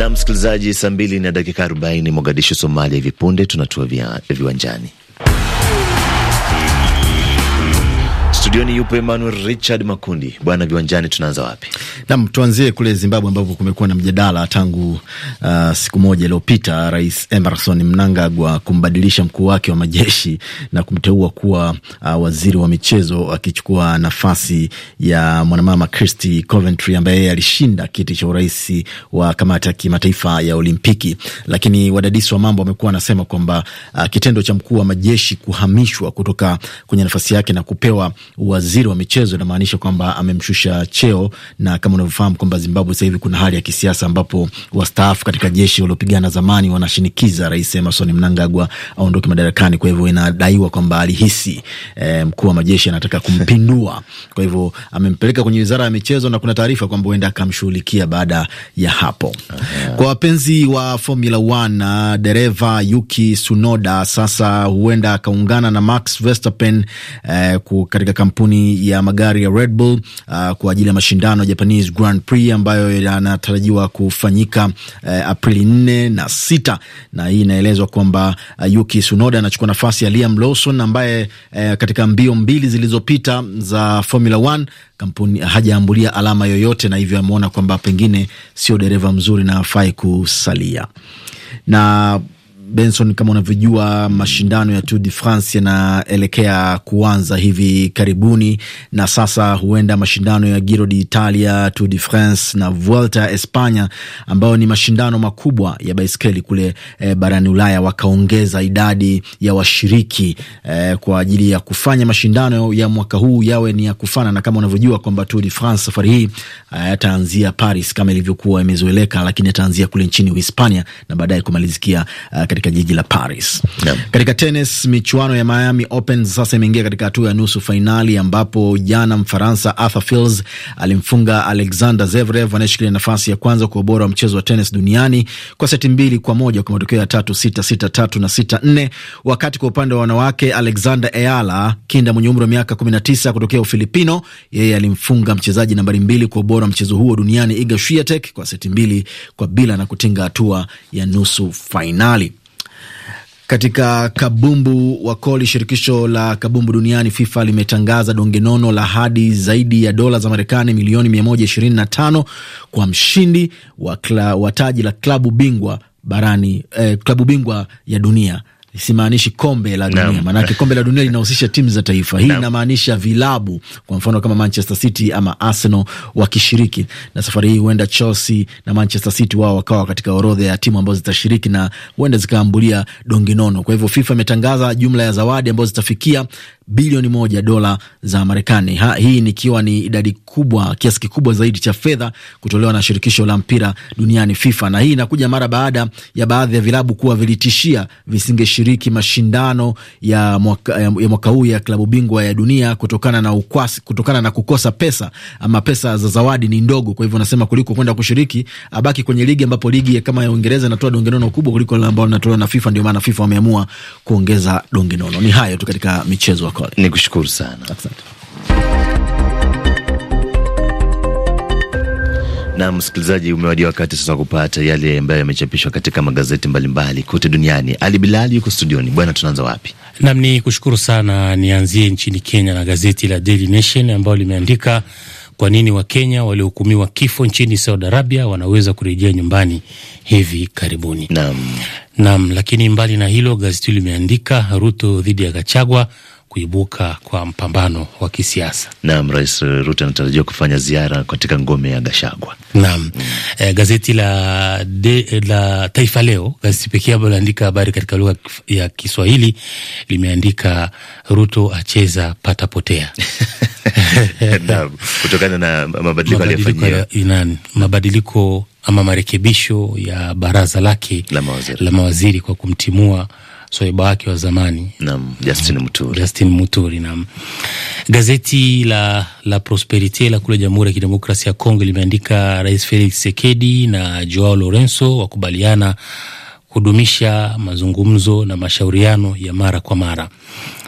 na msikilizaji, saa mbili na dakika arobaini Mogadishu, Somalia. Hivi punde tunatua viwanjani. Studioni yupo Emmanuel Richard Makundi. Bwana Viwanjani, tunaanza wapi? Nam, tuanzie kule Zimbabwe ambavyo kumekuwa na mjadala tangu uh, siku moja iliyopita, Rais Emerson Mnangagwa kumbadilisha mkuu wake wa majeshi na kumteua kuwa uh, waziri wa michezo, akichukua nafasi ya mwanamama Christy Coventry ambaye yeye alishinda kiti cha urais wa kamati ya kimataifa ya Olimpiki. Lakini wadadisi wa mambo wamekuwa wanasema kwamba uh, kitendo cha mkuu wa majeshi kuhamishwa kutoka kwenye nafasi yake na kupewa waziri wa michezo, inamaanisha kwamba amemshusha cheo, na kama unavyofahamu kwamba Zimbabwe sasa hivi kuna hali ya kisiasa ambapo wastaafu katika jeshi waliopigana zamani wanashinikiza Rais Emerson Mnangagwa aondoke madarakani. Kwa hivyo inadaiwa kwamba alihisi eh, mkuu wa majeshi anataka kumpindua, kwa hivyo amempeleka kwenye wizara ya michezo, na kuna taarifa kwamba huenda akamshughulikia baada ya hapo. Aha. Kwa wapenzi wa Formula 1 dereva Yuki Tsunoda sasa huenda akaungana na Max Verstappen eh, katika kampuni ya magari ya Red Bull uh, kwa ajili ya mashindano ya Japanese Grand Prix ambayo yanatarajiwa kufanyika uh, Aprili nne na sita, na hii inaelezwa kwamba uh, Yuki Tsunoda anachukua nafasi ya Liam Lawson ambaye uh, katika mbio mbili zilizopita za Formula 1 kampuni hajaambulia alama yoyote, na hivyo ameona kwamba pengine sio dereva mzuri na afai kusalia na Benson, kama unavyojua mashindano ya Tour de France yanaelekea kuanza hivi karibuni, na sasa huenda mashindano ya Giro d'Italia, Tour de France na Vuelta ya ambayo ni mashindano makubwa ya baiskeli kule e, barani Ulaya, wakaongeza idadi ya washiriki e, kwa ajili ya kufanya mashindano ya mwaka huu yawe ni ya kufana, na kama unavyojua kwamba Tour de France safari hii hayataanzia eh, Paris kama ilivyokuwa imezoeleka, lakini yataanzia kule nchini Uhispania na baadaye kumalizikia uh, katika jiji la Paris. Yeah. Katika tenis, michuano ya Miami Open sasa imeingia katika hatua ya nusu fainali ambapo jana Mfaransa Arthur Fils alimfunga Alexander Zverev anayeshikilia nafasi ya kwanza kwa ubora wa mchezo wa tenis duniani kwa seti mbili kwa moja kwa matokeo ya tatu sita sita tatu na sita nne. Wakati kwa upande wa wanawake Alexander Eala kinda mwenye umri wa miaka kumi na tisa kutokea Ufilipino, yeye alimfunga mchezaji nambari mbili kwa ubora wa mchezo huo duniani Iga Swiatek kwa seti mbili kwa bila na kutinga hatua ya nusu fainali. Katika kabumbu wakoli, shirikisho la kabumbu duniani FIFA limetangaza donge nono la hadi zaidi ya dola za Marekani milioni 125 kwa mshindi wa, kla, wa taji la klabu bingwa barani eh, klabu bingwa ya dunia simaanishi kombe la dunia no. Maanake kombe la dunia linahusisha timu za taifa hii no. Inamaanisha vilabu, kwa mfano kama Manchester City ama Arsenal wakishiriki, na safari hii huenda Chelsea na Manchester City wao wakawa katika orodha ya timu ambazo zitashiriki na huenda zikaambulia donginono. Kwa hivyo FIFA imetangaza jumla ya zawadi ambazo zitafikia bilioni moja dola za Marekani. Ha, hii nikiwa ni idadi kubwa, kiasi kikubwa zaidi cha fedha kutolewa na shirikisho la mpira duniani FIFA, na hii inakuja mara baada ya baadhi ya vilabu kuwa vilitishia visingeshiriki mashindano ya mwaka, ya mwaka huu ya klabu bingwa ya dunia kutokana na ukwasi, kutokana na kukosa pesa ama pesa za zawadi ni ndogo. Kwa hivyo nasema kuliko kwenda kushiriki abaki kwenye ligi ambapo ligi kama ya Uingereza inatoa donge nono kubwa kuliko ambao inatolewa na FIFA. Ndio maana FIFA wameamua kuongeza donge nono. Ni hayo tu katika michezo. Ni kushukuru sana, asante. Na msikilizaji, umewadia wakati sasa kupata yale ambayo yamechapishwa katika magazeti mbalimbali kote duniani. Ali Bilali yuko studioni. Bwana, tunaanza wapi? Nam, ni kushukuru sana. Nianzie nchini Kenya na gazeti la Daily Nation ambayo limeandika kwa nini Wakenya waliohukumiwa kifo nchini Saudi Arabia wanaweza kurejea nyumbani hivi karibuni. Naam, naam. Lakini mbali na hilo, gazeti limeandika Ruto dhidi ya Gachagua kuibuka kwa mpambano wa kisiasa. Naam, Rais Ruto anatarajiwa kufanya ziara katika ngome ya Gashagwa. Naam. Mm. E, gazeti la, de, la Taifa Leo, gazeti pekee ambayo linaandika habari katika lugha ya Kiswahili limeandika Ruto acheza patapotea kutokana na mabadiliko aliyofanyia mabadiliko ama marekebisho ya baraza lake la mawaziri, la mawaziri kwa kumtimua swaiba wake wa zamani nam, Justin Muturi, Justin Muturi nam. Gazeti la, la Prosperite la kule Jamhuri ya Kidemokrasia ya Kongo limeandika Rais Felix Tshisekedi na Joao Lorenzo wakubaliana kudumisha mazungumzo na mashauriano ya mara kwa mara.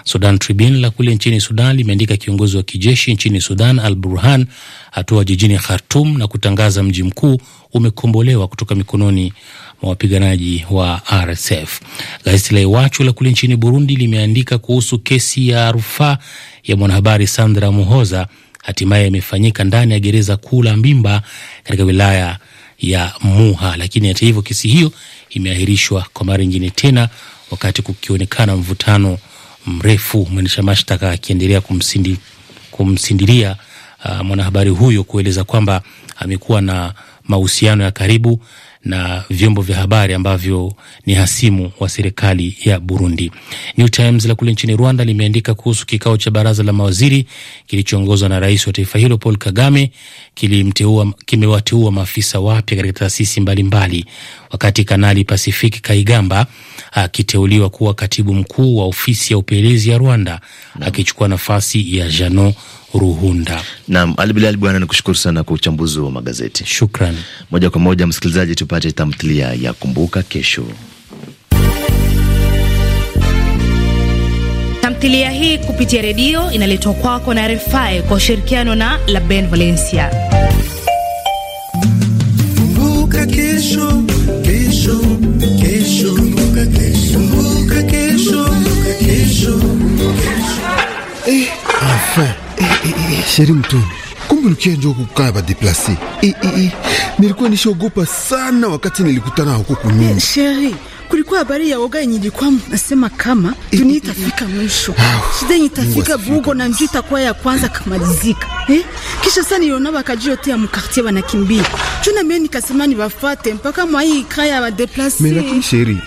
Sudan Tribune la kule nchini Sudan limeandika kiongozi wa kijeshi nchini Sudan Al Burhan hatua jijini Khartum na kutangaza mji mkuu umekombolewa kutoka mikononi mwa wapiganaji wa RSF. Gazeti la Iwachu la kule nchini Burundi limeandika kuhusu kesi ya rufaa ya mwanahabari Sandra Muhoza hatimaye imefanyika ndani ya gereza kuu la Mbimba katika wilaya ya Muha. Lakini hata hivyo, kesi hiyo imeahirishwa kwa mara nyingine tena, wakati kukionekana mvutano mrefu, mwendesha mashtaka akiendelea kumsindi, kumsindiria uh, mwanahabari huyo kueleza kwamba amekuwa na mahusiano ya karibu na vyombo vya habari ambavyo ni hasimu wa serikali ya Burundi. New Times la kule nchini Rwanda limeandika kuhusu kikao cha baraza la mawaziri kilichoongozwa na rais wa taifa hilo Paul Kagame, kimewateua maafisa wapya katika taasisi mbalimbali, wakati Kanali Pacific Kaigamba akiteuliwa kuwa katibu mkuu wa ofisi ya upelelezi ya Rwanda na akichukua nafasi ya Jano Ruhunda. Naam, Ali Bilali, bwana nikushukuru sana kwa uchambuzi wa magazeti. Shukran. Moja kwa moja, msikilizaji, tupate tamthilia ya Kumbuka Kesho. Tamthilia hii kupitia redio inaletwa kwako na Refai kwa ushirikiano na Laben Valencia. Kumbuka Kesho. Sheri Mtoni, kumbe Lukia ndio kukaa badeplase. E, e, e. Nilikuwa nishaogopa sana wakati nilikutana huko kunini. Eh, Sheri, kulikuwa habari ya woga yenye ilikuwa nasema kama e, dunia e, e. itafika mwisho, ah, shida yenye itafika bugo na njuu itakuwa ya kwanza kamalizika eh? Kisha sasa niliona ya mkartie wanakimbia juu na nikasema nivafate mpaka mwai ikaya ya Lakini Sheri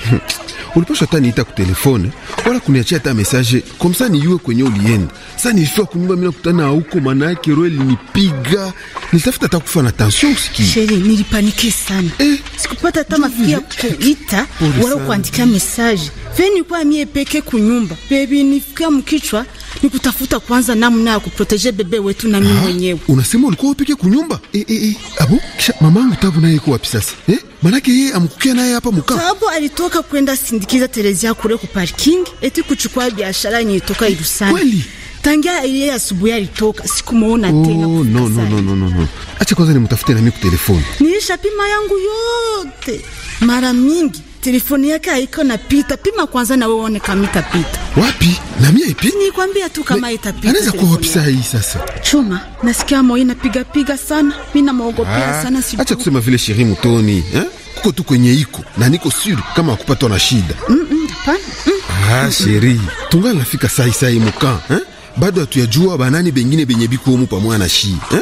ulipasha hata niita kutelefone wala kuniachia hata mesaje komsa niyue kwenye ulienda. Sa nilifika kunyumba mina kutana huko, maana yake roho ilinipiga nilitafuta hata kufa na tension usiki. Sheri, nilipanike sana eh, sikupata hata mafikia kuita wala kuandikia mesaje. Veni kwa mie peke kunyumba, bebi nifika mkichwa ni kutafuta kwanza namna ya kuproteje bebe wetu na mimi ah, mwenyewe. Unasema ulikuwa upike kunyumba? E, e, e. Abu, kisha mamangu Tabu naye yuko wapi sasa? Eh? Manake yeye amkukia naye hapa mkaa. Tabu alitoka kwenda sindikiza Terezia kule ku parking eti kuchukua biashara yenye toka Irusani. Kweli? Tangia ile asubuhi alitoka sikumuona oh, tena. Oh no no no no no. Acha kwanza nimtafute na mimi kwa telefoni. Nilisha pima yangu yote. Mara mingi telefoni yake haiko na pita. Pima kwanza na wewe uone kama itapita. Wapi? Na mimi ipi ni kwambia tu kama itapita. Anaweza kuwa wapi pisa hii sasa. Chuma, nasikia moyo inapiga piga sana. Mimi namuogopea ah, sana sijui. Acha kusema vile shiri mtoni, eh? Kuko tu kwenye iko na niko sure kama akupatwa na shida. Mm -mm, hapana. Mm. Ah, shiri. Tungana nafika sai sai muka, eh? Bado hatuyajua banani bengine benye biko humu pamoja na shii eh?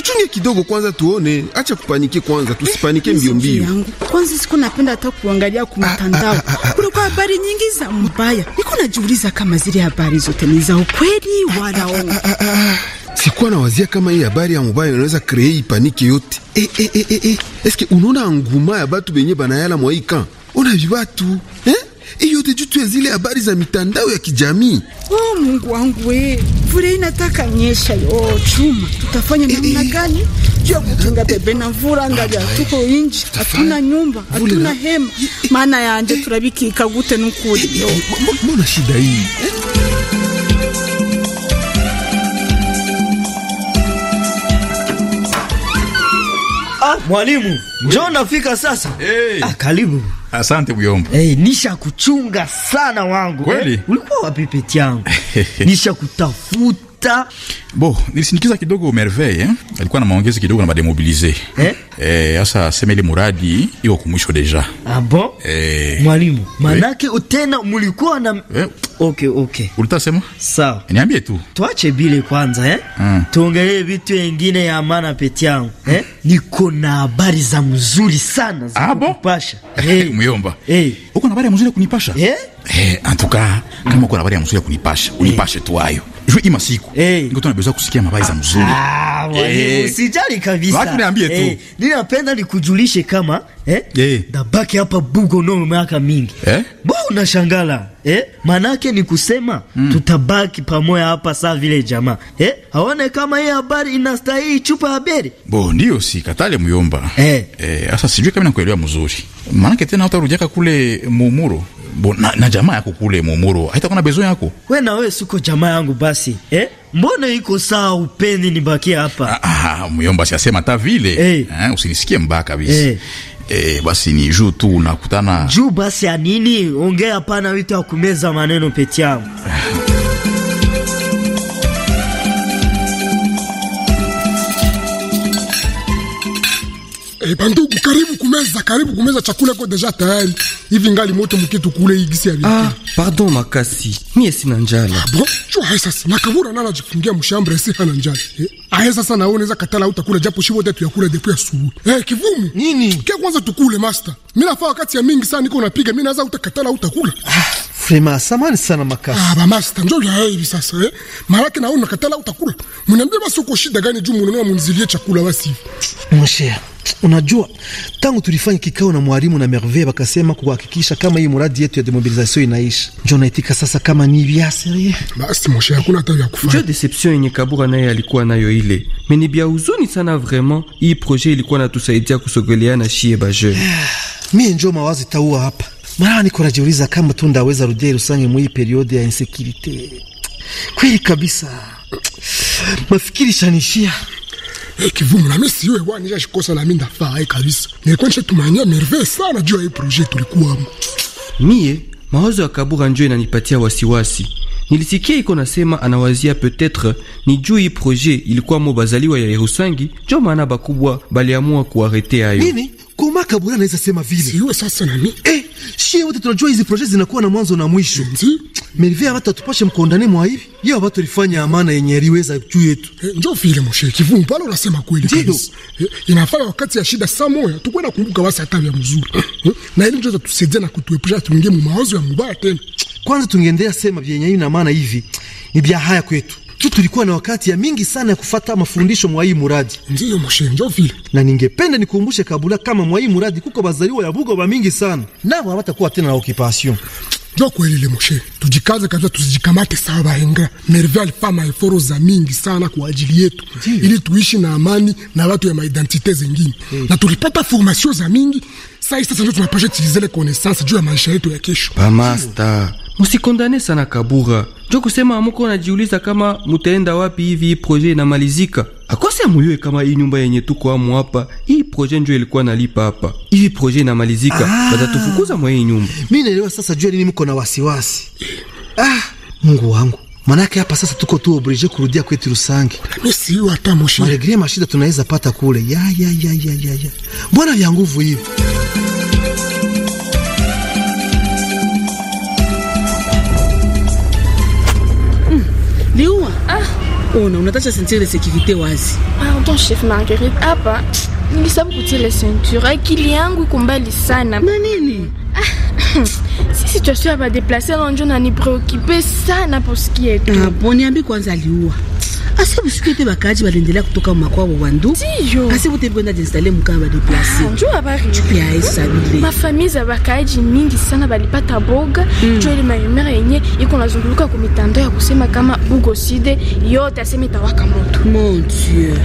tuchunge kidogo kwanza, tuone. Acha kupanike kwanza, tusipanike mbio mbio. Kwanza siku napenda hata kuangalia kumtandao, ah, ah, ah, kuna kwa habari nyingi za mbaya. Niko najiuliza kama zile habari zote ni za ukweli wala Sikuwa na wazia kama hii habari ya mubaya inaweza kree ipanike yote. E, e, e, e, eske unaona nguma ya batu benye banayala mwaika ona vibatu eh? hiyo ya zile habari za mitandao ya kijamii. Oh, Mungu wangu we, vule inataka nyesha yo chuma, tutafanya eh, namna eh. gani? Jua kukinga bebe eh, na mvura ngaja, tuko inji, hatuna nyumba, hatuna hema, maana yanje turabikika gute nukuri yo. Mbona shida hii? Ah, mwalimu, njoo nafika sasa. Hey. Ah, karibu. Asante Buyombo. Hey, eh, nisha kuchunga sana wangu. Kweli? Eh, ulikuwa wapi peti yangu? nisha kutafuta vita. Bo, nilisindikiza kidogo Merveille eh? Alikuwa na maongezi kidogo na mademobilize. Eh? Eh, asa sema ile muradi iko kumwisho deja. Ah bon? Eh. Mwalimu, manake oui. Utena mulikuwa na eh. Okay, okay. Ulitasema? Sawa. Niambie tu. Tuache bile kwanza eh? Mm. Tuongelee vitu vingine ya maana peti yangu hmm. eh? Mm. Niko na habari za mzuri sana za ah, bon? kupasha. Hey. Muyomba. Eh. Uko na habari mzuri kunipasha? Eh? Hey, Eh, antuka kama uko na habari mzuri kunipasha, unipashe tu hayo juu ima siku hey. Niko tunabeza kusikia mabai za ah, mzuri ah, hey. Sijali kabisa, watu niambie tu hey. Nina penda ni kujulishe kama eh hey. Da baki hapa bugo no miaka mingi eh hey. Unashangala eh manake ni kusema mm. Tutabaki pamoja hapa saa vile jamaa eh aone kama hii habari inastahili chupa habari bo, ndiyo si katale muyomba eh hey. Eh, Asa sijui kama nakuelewa mzuri, manake tena hata rujaka kule mumuro Bo, na, na jamaa yako kule Mumuru haitakuwa na bezo yako we na we siko jamaa yangu basi eh? Mbona iko saa upeni nibaki hapa ah, myomba siasema ta vile hey. Eh. eh, usinisikie mbaya kabisa hey. Eh. eh, basi ni juu tu unakutana juu basi anini ongea, hapana wito ya kumeza maneno peti yangu Eh, bandugu karibu kumeza, karibu kumeza chakula kwa deja tayari. Hivi ngali moto mkitu kule igisi ya Ah, pardon makasi. Mie sina njala. Ah, bon, chua hai sasa. Nakabura nala jifungia mshambre si hana njala. Eh, hai sasa na unaweza katala utakula japo shivo tetu ya kula depuis asubuhi. Eh, kivumu. Nini? Kia kwanza tukule master. Mimi nafaa wakati ya mingi sana niko napiga. Mimi naweza utakatala utakula. Ah, Frema, samani sana makasi. Ah, ba master, njoo ya hivi sasa eh. Maraki na katala utakula. Mnaambia basi uko shida gani juu mnanua mnizilie chakula basi. Mshia. Unajua, tangu tulifanya kikao na mwalimu na Merve bakasema kuhakikisha kama hii muradi yetu ya demobilizasio inaisha, njo naitika sasa. Kama ni vya basi, moshe hakuna hata ya kufanya. Njo deception yenye Kabura naye alikuwa nayo ile meni bia uzuni sana. Vraiment hii proje ilikuwa natusaidia kusogelea na shie baje jeune mie njo mawazi taua hapa mara niko najiuliza kama tu ndaweza rudia Rusange mu hii periode ya insécurité kweli kabisa, mafikiri shanishia hey, Kivumu, nami siyo ewa nishashikosa, nami ndafaa kabisa. Nilikuwa nishatumania merveille sana juu ya hii projet tulikuwamo. Mie mawazo ya Kabura njo inanipatia wasiwasi. Nilisikia iko nasema anawazia peut être ni juu hii projet ilikuwa mo bazaliwa ya Erusangi, njo maana bakubwa baliamua kuaretea hayo. Nini? Roma Kabura anaweza sema vile. Siwe sasa nami. Eh, shie wote tunajua hizi project zinakuwa na mwanzo na mwisho. Ndi. Melvia watu atupashe mkondani mwa hivi. Yeye watu lifanya amana yenye aliweza juu yetu. Eh, njoo vile mshe kivu mpalo unasema kweli ndio Eh, inafaa wakati ya shida saa moja tukwenda kumbuka wasa hata ya mzuri. Eh, na ili ndio tusaidia na kutuepusha tuingie mu mawazo ya mubaya tena. Kwanza tungeendea sema vyenye hivi na maana hivi. Ni bia haya kwetu tu tulikuwa na wakati ya mingi sana ya kufata mafundisho mwa hii muradi. Ndiyo mashenjo vile, na ningependa nikukumbushe kabula kama mwa hii muradi kuko bazaliwa ya bugo ba mingi sana, nabo hawatakuwa tena na okipasyon. ndio kweli le Moshe, tujikaze kabisa, tuzijikamate sawa bahenga. Merve alifaa maeforo za mingi sana kwa ajili yetu ili tuishi na amani na watu ya maidentite zengine hey. na tulipata formasio za mingi sai, sasa ndio tunapasha chizele konesansi juu ya maisha yetu ya kesho pamasta Jio. Musikondane sana Kabura jo kusema amuko najiuliza kama mutaenda wapi hivi hii proje inamalizika. Akose amuyue kama hii nyumba yenye tuko amu hapa hii proje njo ilikuwa nalipa hapa. Hivi proje inamalizika, batatufukuza ah. mwa hii nyumba. Mimi naelewa sasa jua nini muko na wasiwasi. Ah, Mungu wangu. Manake hapa sasa tuko tu obrije kurudia kwetu Rusange. Mimi si hata moshi. Malegria mashida tunaweza pata kule. Ya ya ya ya ya. Mbona vya nguvu hivi? ona unatacha ceinture de sécurité wazi. Pardon ah, chef Marguerite, hapa nilisahau kutia ile ceinture, akili yangu iko mbali sana na nini ah, si situation ya badeplase lonjo nanipreokipe sana poski yetu. Ah, boniambi kwanza aliua Asibusiku ete bakaji waliendelea kutoka makwao wandu. Ndiyo. Asibute kwenda jinstale mkaa wa deplase. Ah, Njoo habari. Chupi ya Isa bile. za bakaji mingi sana walipata boga. Mm. Njoo ile mayumera yenye iko nazunguluka kwa mitandao ya kusema kama bugoside yote aseme itawaka moto. Mon Dieu.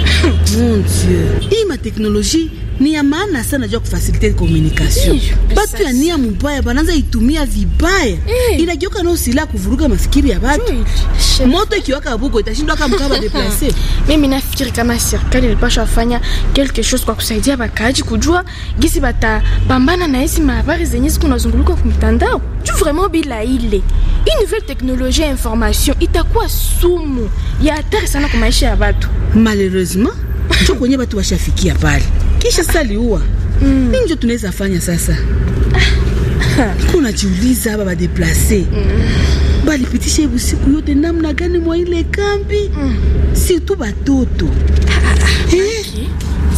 Mon Dieu. Hii ma teknolojia ni ya maana sana juu ya communication. Batu ya nia mubaya bananza itumia vibaya, eh. inageuka nao silaha kuvuruga mafikiri ya batu. Moto ikiwaka bugo itashindwa kama mkaba deplace. Mimi nafikiri kama serikali ilipaswa fanya quelque chose kwa kusaidia bakaji kujua gisi batapambana na hizi mahabari zenye ziko nazunguluka kwa mitandao juu vraiment bila ile hii nouvelle teknolojia information itakuwa sumu ya hatari sana kwa maisha ya batu, malheureusement cho batu washafikia pale kisha sasa liua mm. Nini tunaweza fanya sasa? Kuna jiuliza hapa ba deplace mm. Balipitisha hivi siku yote namna gani mwa ile kambi mm. Si tu batoto ah, ah, ah. eh?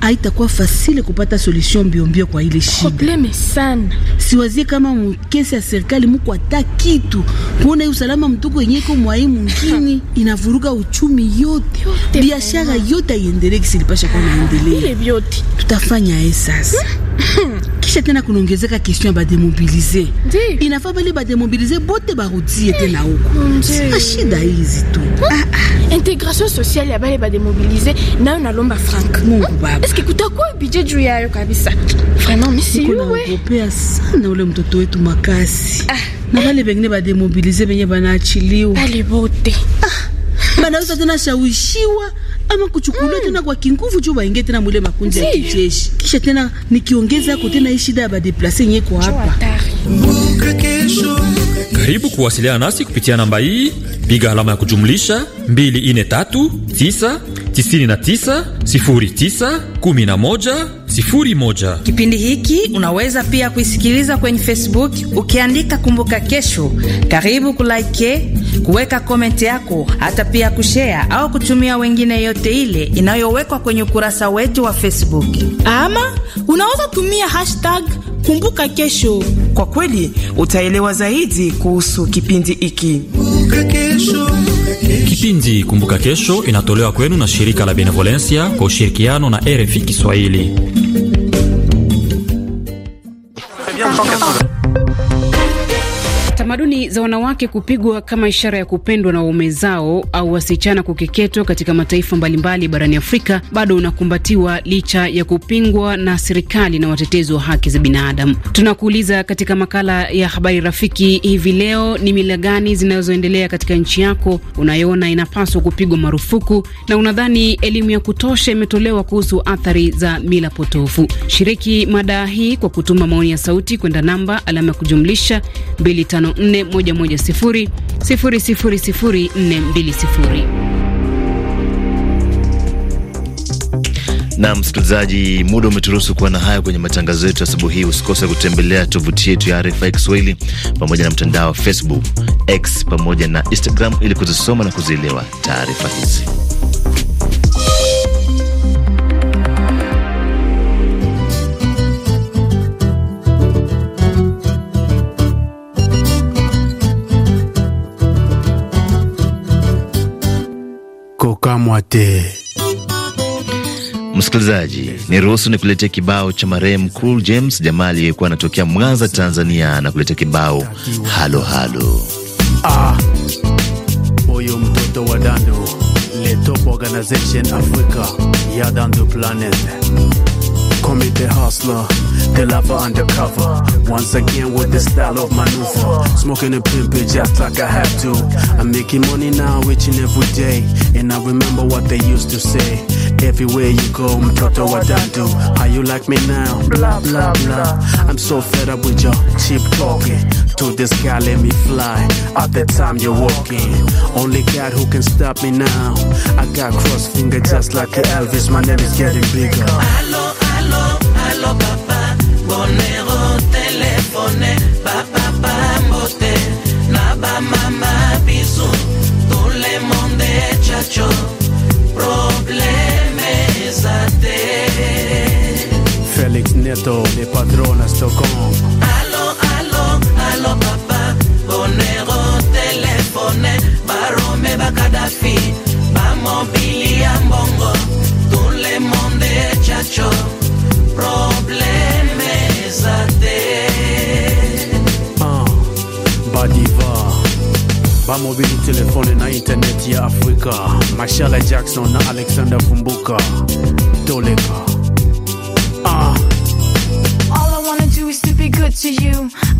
haitakuwa fasile kupata solution mbiombio kwa ile shida. Probleme sana. Siwazie kama mkesi ya serikali mko hata kitu. Kuona hiyo usalama mtuko yenyewe iko mwai mungini inavuruga uchumi yote. Biashara yote haiendelee kisilipasha kwa maendeleo. Ile vyote tutafanya sasa. Hmm? kisha tena kunaongezeka kestion ya bademobilize, inafaa bale bademobilize bote barudie tena huko. Shida hizi tu integration sociale ya bale bademobilize nayo nalomba Frank. Mungu baba, eske kutakuwa budget juu yayo kabisa? Vraiment misi yule kopea sana ule mtoto wetu makasi ah. na bale bengine bademobilize benye banaachiliwa oh. bale bote ah. banaweza tena shawishiwa ama kuchukuliwa mm. tena kwa kinguvu juu waingie tena mwile makundi ya kijeshi. Kisha tena nikiongeza yako tena hii shida ya badeplase yenyewe kwa hapa. Karibu kuwasiliana nasi kupitia namba hii, piga alama ya kujumlisha 243 9 99 09 11 01. Kipindi hiki unaweza pia kuisikiliza kwenye Facebook ukiandika kumbuka kesho. Karibu kulike kuweka komenti yako, hata pia kushea au kutumia wengine yote ile inayowekwa kwenye ukurasa wetu wa Facebook. Ama unaweza tumia hashtag kumbuka kesho. Kwa kweli utaelewa zaidi kuhusu kipindi hiki. Kipindi kumbuka kesho inatolewa kwenu na shirika la Benevolencia kwa ushirikiano na RFI Kiswahili. Tamaduni za wanawake kupigwa kama ishara ya kupendwa na waume zao au wasichana kukeketwa katika mataifa mbalimbali barani Afrika bado unakumbatiwa licha ya kupingwa na serikali na watetezi wa haki za binadamu. Tunakuuliza katika makala ya habari rafiki hivi leo, ni mila gani zinazoendelea katika nchi yako unayoona inapaswa kupigwa marufuku, na unadhani elimu ya kutosha imetolewa kuhusu athari za mila potofu? Shiriki mada hii kwa kutuma maoni ya sauti kwenda namba alama ya kujumlisha 254 na msikilizaji, muda umeturuhusu kuwa na haya kwenye matangazo yetu asubuhi hii. Usikose kutembelea tovuti yetu ya RFI Kiswahili pamoja na mtandao wa Facebook, X pamoja na Instagram ili kuzisoma na kuzielewa taarifa hizi. kokamwa te. Msikilizaji, ni ruhusu ni kuletea kibao cha marehemu Cool James, jamaa aliyekuwa anatokea Mwanza, Tanzania, na kuletea kibao halo halo. Ah, huyu mtoto wa Dando, le top organization Africa ya Dando Planet Call me the hustler, the lover undercover. Once again with the style of maneuver. Smoking a pimpin' just like I have to. I'm making money now each and every day. And I remember what they used to say. Everywhere you go, I'm what I do. How you like me now? Blah, blah, blah. I'm so fed up with your cheap talking. To the sky, let me fly. At the time you're walking. Only God who can stop me now. I got cross finger just like Elvis. My name is getting bigger. Papá, con el papá pa pa pambote na piso ma ma pi chacho Problema a Félix Neto, mi patrón de Estocolmo Aló, aló, aló, papá bonero el teléfono me va a fi a bongo chacho Ah, badiva. bamobili telefone na internet ya Africa. mashala jackson na alexander kumbuka toleka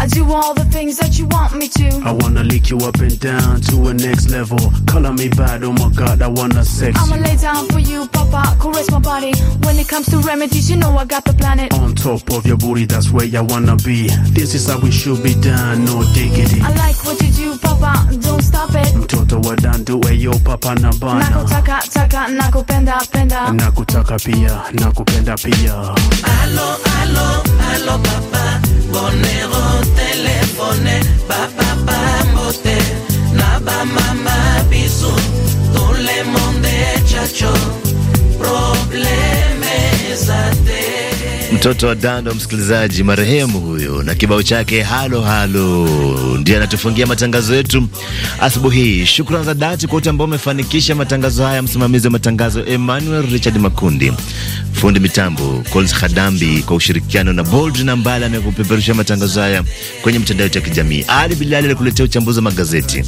I do all the things that you want me to. I wanna lick you up and down to a next level. Color me bad, oh my god, I wanna sex. I'ma lay down for you, papa, caress my body. When it comes to remedies, you know I got the planet. On top of your booty, that's where I wanna be. This is how we should be done, no diggity. I like what you do papa, don't stop it. Mtoto wa dandu eyo papa na bana, nakutaka taka, nakupenda penda, nakutaka pia, nakupenda pia. Alo alo alo papa, bonero telefone, papa pambote mtoto wa Dando, msikilizaji marehemu huyo, na kibao chake halo halo ndiye anatufungia matangazo yetu asubuhi hii. Shukrani za dhati kwa wote ambao wamefanikisha matangazo haya. Msimamizi wa matangazo Emmanuel Richard Makundi, fundi mitambo Cols Khadambi kwa ushirikiano na Bold na Mbala amekupeperusha matangazo haya kwenye mtandao ya kijamii. Ali Bilali alikuletea uchambuzi wa magazeti.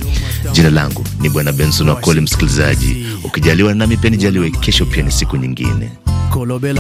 Jina langu ni Bwana Benson Wakoli. Msikilizaji, ukijaliwa nami pia nijaliwe, kesho pia ni siku nyingine.